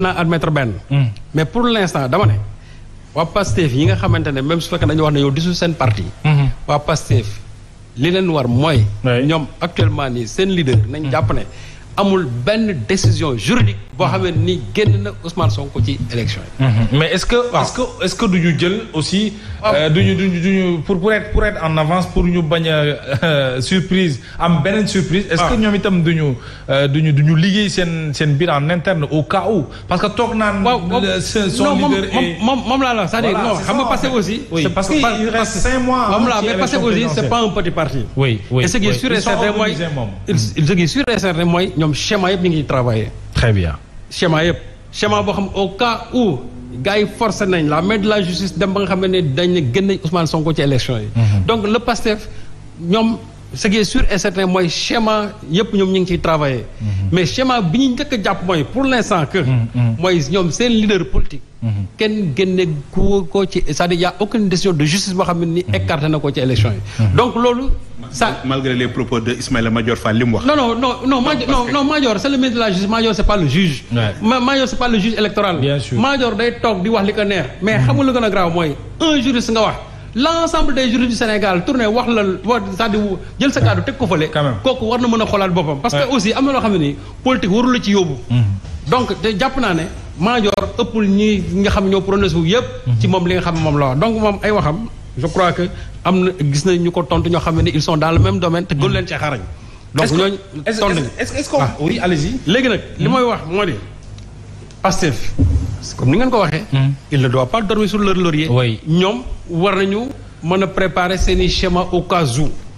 naa admettre benn hmm. mais pour l'instant dama ne waa Pastef yi nga xamante ne même su fekkee dañu wax ne yow disu seen parti hmm. waa Pastef li leen war mooy ñoom actuellement nii seen leader nañ jàpp ne amul benn décision juridique bo xamé ni génn na Ousmane Sonko ci élection mhm. mais est-ce que est-ce que est-ce que duñu jël aussi. Euh, duñu duñu du pour pour être pour être en avance pour ñu bañ euh, surprise am benen surprise. est-ce que ah. ñom itam duñu euh, duñu duñu ñu du ñu liggéey seen seen biir en interne au cas où. parce que tok nan son leader et non mom laa la wax c'est-à-dire non xam nga passé aussi. c'est parce que il reste 5 mois. moom hein, laa mais passé aussi c'est pas un petit parti. oui oui est ce qui sur sûr mois il mooy. ce qui est sûr et certain mooy ñom schéma yeb ñu ngi travailler très bien schéma yeb schéma bo xam au cas où gars yi forcé nañ la main de la justice dem ba nga xam ne dañ ne gën nañ Ousmane Sonko ci élection yi mhm. donc le PASTEF ñom ce qui est sûr et certain le schéma y a a gens qui travailler. Mhm. mais schéma bi ñu j'appuie a l'instant que pour l'instant, instant que. moi, c'est un leader politique. Mhm. Il n'y c'est-à-dire a aucune décision de justice qui ne ni mhm. écarté l'élection. ci élection donc ça malgré les propos de ismaël Major, Fall non non non non non non Madior le ministre de la justice Major, c'est pas le juge. Major, Madior n'est pas le juge électoral. bien sûr Madior day toog di wax li ko mais xamul lu gën grave un juriste nga l' ensemble des juristes du Sénégal tourné wax la wax jël sa kàddu teg ko fële. kooku war na mën a xoolaat boppam. parce que aussi am na loo xam ne nii politique la ci yóbbu. Mhm. donc te jàpp naa ne Madior ëppul ñi nga xam ñoo prononcé wu yëpp. Mhm. ci moom li nga xam moom la wax donc moom ay waxam je crois que am na gis nañ ñu ko tontu ñoo xam ne ils sont dans le même domaine te gën leen ci xarañ. donc ñooñu tontu est-ce que ah. oui allez-y léegi nag li mhm. may wax moo di. Pastef comme ni ngeen ko waxee. Hmm. il ne doit pas dormir sur leur laurier. ñoom war nañu mën a préparer seen i schéma au cas où.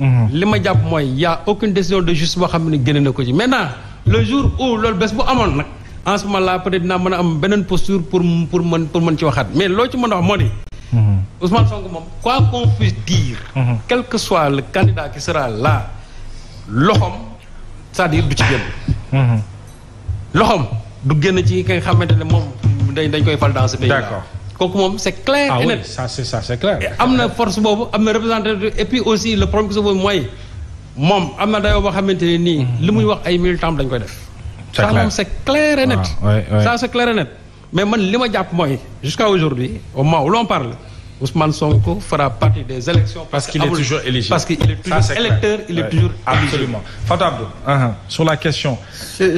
Mhm. les ma jàpp mooy y' a aucune décision de justice boo xam ne génne na ko ci maintenant le jour où loolu bés bu amoon en ce moment là peut être dinaa mën a am beneen posture pour pour mën pour mën ci waxaat mais l'autre ci mën a wax moo mhm. Ousmane quoi qu'on puisse dire. Mhm. quel que soit le candidat qui sera là l'homme c'est-à-dire du ci génn. le du génn ci ki nga xamante ne moom dañ dañ koy fal dans ce pays là. d'accord. C'est moom clair. ah oui ça c'est ça c'est clair. force et puis aussi le problème que se pose mooy moom am na dayoo ne mhm. wax ay militants koy def. et net. Ah, ça c'est clair et net mais man li que jàpp mooy aujourd'hui au moment où l'on parle. Ousmane Sonko fera partie des élections. Parce, qu'il est toujours éligible. Parce qu'il est toujours électeur, il est toujours Absolument. Fatabdo, uh-huh. sur la question.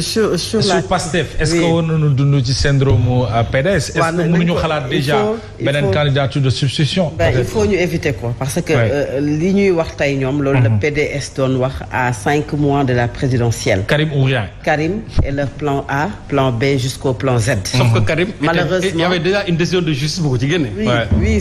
Sur, sur, sur, PASTEF, est-ce qu'on nous dit syndrome à euh, PDS Est-ce que nous avons déjà une candidature de substitution ben, Il faut nous éviter quoi. Parce que l'INU et le PDS donne à 5 mois de la présidentielle. Karim ou rien Karim et le plan A, plan B jusqu'au plan Z. Sauf que Karim, il y avait déjà une décision de justice pour Tigane. Oui,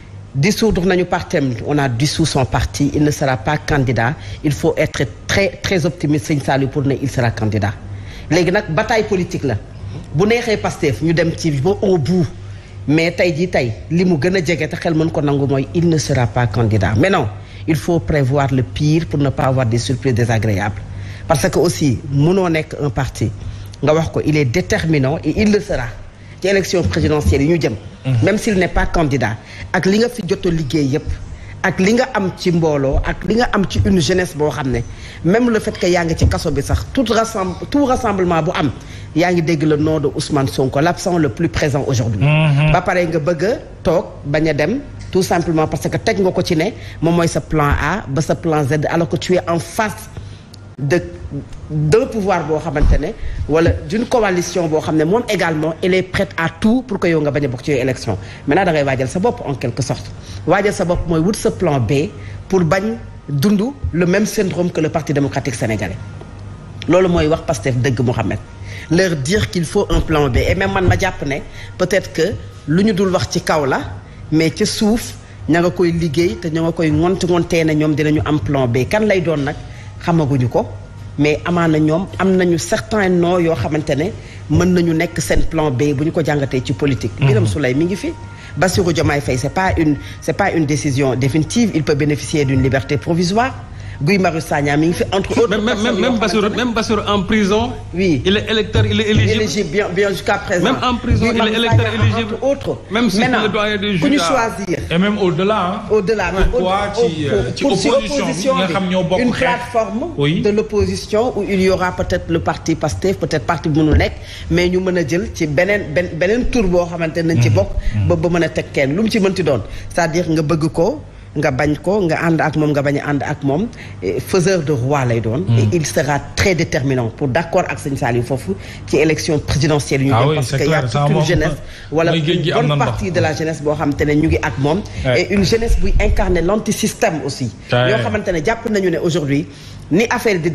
dissoudre nañu parti on a dissous son parti il ne sera pas candidat il faut être très très optimiste seigne pour ne il sera candidat légui nak bataille politique la bu nexé Pastef ñu dem ci au bout mais tay ji xel il ne sera pas candidat mais non il faut prévoir le pire pour ne pas avoir des surprises désagréables parce que aussi mëno est un parti nga wax il est déterminant et il le sera ci élection présidentielle yi ñu jëm. Mhm. même s'il n'est pas candidat ak li nga fi jotto a liggéey yépp ak li nga am ci mbolo ak li nga am ci une jeunesse bo xamné même le fait que ya nga ci kasso bi sax tout rassemble tout rassemblement bu am ya un dégg le nom de Ousmane Sonko l'absent le plus présent aujourd'hui mhm. ba pare nga bëgg tok baña dem tout simplement parce que teg nga ko ci né mom moy sa plan A ba sa plan Z alors que tu es en face de d'un pouvoir boo xamante wala d'une coalition boo xam ne également elle est prête à tout pour que yow nga bañ a ci élection maintenant da ngay waajal sa bopp en quelque sorte waajal sa bop moy wut sa plan B pour bañ dund le même syndrome que le parti démocratique sénégalais lolu moy wax Pastef deug Mohamed leur dire qu'il faut un plan B et même man ma japp né peut-être que luñu dul wax ci kaw la mais ci souf ña nga koy liggéey té ña nga koy ngont ngonté ne ñom dinañu am plan B kan lay doon nak xamaguñu ko mais amana ñom am nañu certain non yoo nek mën nañu nek sen plan B bu ko jàngatee ci politique. Mhm. Birame soulay mi ngi fi. Bassirou Diomaye fay c'est pas une c'est pas une décision définitive il peut bénéficier d'une liberté provisoire. Guy Marius entre autres. même même même même en prison. il est électeur il est éligible. bien jusqu'à présent. même en prison il est électeur éligible même si le doyen hein. choisir. et même hein. au delà. au delà opposition une plateforme. de l'opposition où il y aura peut être le parti Pastef peut être parti mais nous, on a jël ci ben, tour c'est-à-dire nga bañ ko nga and ak mom nga bañ and ak mom eh, faiseur de roi lay don hmm. et il sera très déterminant pour d'accord ak seigne Saliou fofu ci élection présidentielle. yu ñu ah parce que y' a toute une jeunesse. Euh, wala une bonne partie de la jeunesse bo xamante ne ñu ngi ak mom et une jeunesse bu incarner l'antisystème système aussi. yoo xamante ne jàpp nañu né aujourd'hui ni affaire di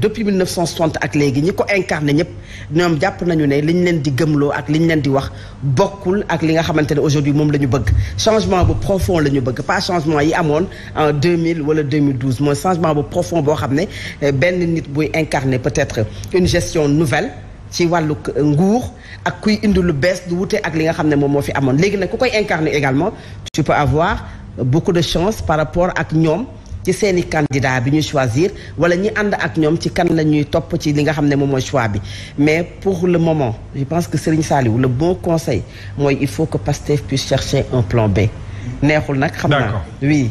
depuis 1960 ak légui ñiko incarner. incarné ñom japp nañu né liñ leen di gëmlo ak liñ leen di wax bokkul ak li nga xamantene aujourd'hui mom le bëgg changement bu profond le bëgg pas changement yi amone en 2000 wala 2012 mooy changement bu profond bo xamné ben eh, benn nit buy incarné peut-être une gestion nouvelle ci walu nguur ak kuy indi lu du wuté ak li nga xamné mom moom moo fi amoon léegi nag ku koy incarné également tu peux avoir beaucoup de chance par rapport ak ñom ci seen i candidat bi ñu choisir wala ñi ànd ak ñoom ci kan la ñuy topp ci li nga xam ne moom mooy choix bi mais pour le moment je pense que Serigne Saliou le bon conseil mooy il faut que Pastef puisse chercher un plan B neexul nag xam naa oui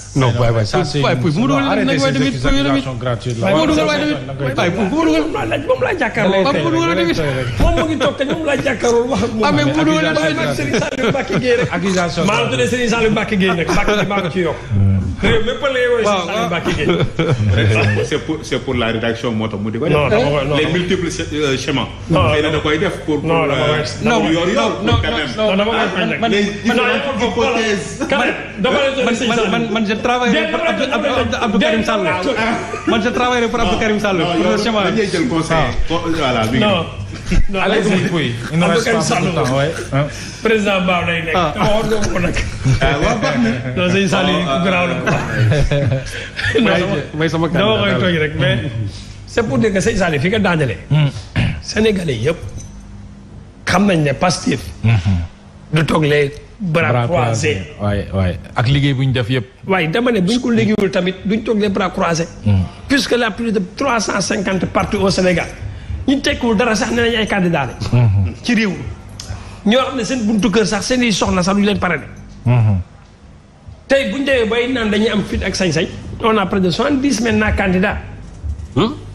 non waay waay waay bu ma dugal nag waay tamit waay bu ma dugal waay tamit waay bu ma dugal moom laa jàkkaarloo bu ma dugal tamit moom mu ngi toog te moom laa jàkkaarloo wax ak moom mais bu ma dugal tamit Serigne Saliou Mbacké Gueye rek maa la tuddee Serigne Saliou Mbacké Gueye nag Mbacké bi maa ko ci yokk réew mépp lay woy Saliou Mbacké Gueye c'est pour c'est pour la rédaction moo tax mu di ko def les multiples chemins xëy na da koy def pour pour yoor yoor quand même man man man je travaillerai pour Abdou Karim Sall man je travaillerai pour Abdou Karim Sall pour le chemin dañuy jël conseil voilà non allez ne reste président Ba lay nekk. sama dama koy tooñ rek mais. nga daanale. Hmm. Sénégalais yëpp nañ ne Pastef. Mhm. du toog les bras croisés. waay waay ak liggéey bu ñu def yëpp. waaye dama ne bu ñu ko liggéeyul tamit duñ toog les bras croisés. Hmm. puisque la plus de trois cent cinquante partis au Sénégal. ñu tekkiwul dara sax ne nañu ay candidat lañ mm-hmm. ci réew mi ñoo xam ne seen buntu kër sax seen i soxna sax duñu leen pare parrainé mm-hmm. tey buñu demee bay naan dañuy am fit ak sañ-sañ on a près de bis dix maintenant candidats hmm?